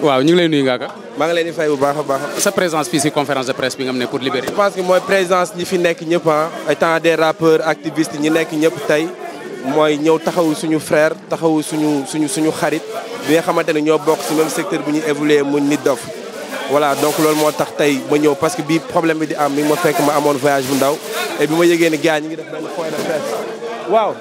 waaw ñu ngi lay nuyu maa ngi leen di fay bu baax a baax. sa présence fii si conférence de presse bi nga xam ne pour libérer. je pense que mooy présence ñi fi nekk ñëpp ah. ay temps des rappeurs activistes ñi nekk ñëpp tey mooy ñëw taxawu suñu frère taxawu suñu suñu suñu xarit bi nga xamante ne ñoo bokk si même secteur bu ñu évolué mu nit dof wala donc loolu moo tax tey ma ñëw parce que bii problème bi di am mi ma fekk ma amoon voyage bu ndaw et ma yëgee ni gars ñi ngi def benn point de waaw.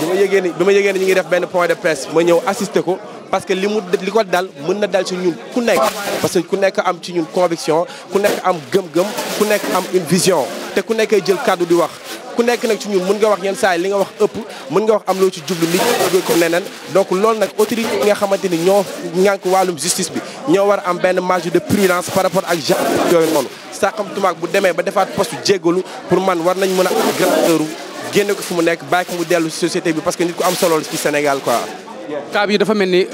bi ma yëgee ni bi ma yëgee ñu ngi def benn point de presse ma ñëw assister ko parce que li mu li ko dal mën na dal ci ñun ku nekk parce que ku nekk am ci ñun conviction ku nekk am gëm-gëm ku nekk am une vision te ku nekkee jël kàddu di wax ku nekk nag ci ñun mun nga wax yenn saa li nga wax ëpp mën nga wax am loo ci jublu nit ñi ko neneen donc loolu nag autorité yi nga xamante ni ñoo ñànk wàllum justice bi ñoo war am benn marge de prudence par rapport ak genre yooyu noonu sàqam tumaak bu demee ba defaat poste jéggalu pour man war nañ mën a génne ko fi mu nekk bàyyi ko mu dellu ci bi parce que nit ku am solo ci Sénégal quoi. cas bi dafa mel ni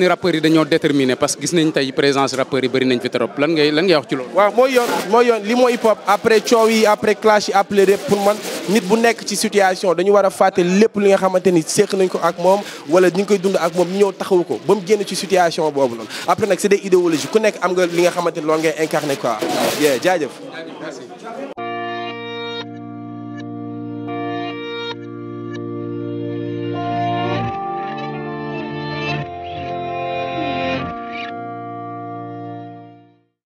nga dañoo déterminé parce que gis nañ tey présence rappeurs yi bëri nañ fi trop lan ngay lan ci loolu. mooy yoon mooy yoon li mooy hip hop après coow yi après clash yi après lépp man nit bu nekk ci situation dañu war a fàtte lépp li nga xamante ni seq nañ ko ak moom wala ñu ngi koy dund ak moom ñu ñëw taxawu ko ba mu génn ci situation boobu noonu après nag ku nekk am nga li nga xamante ni loolu ngay incarné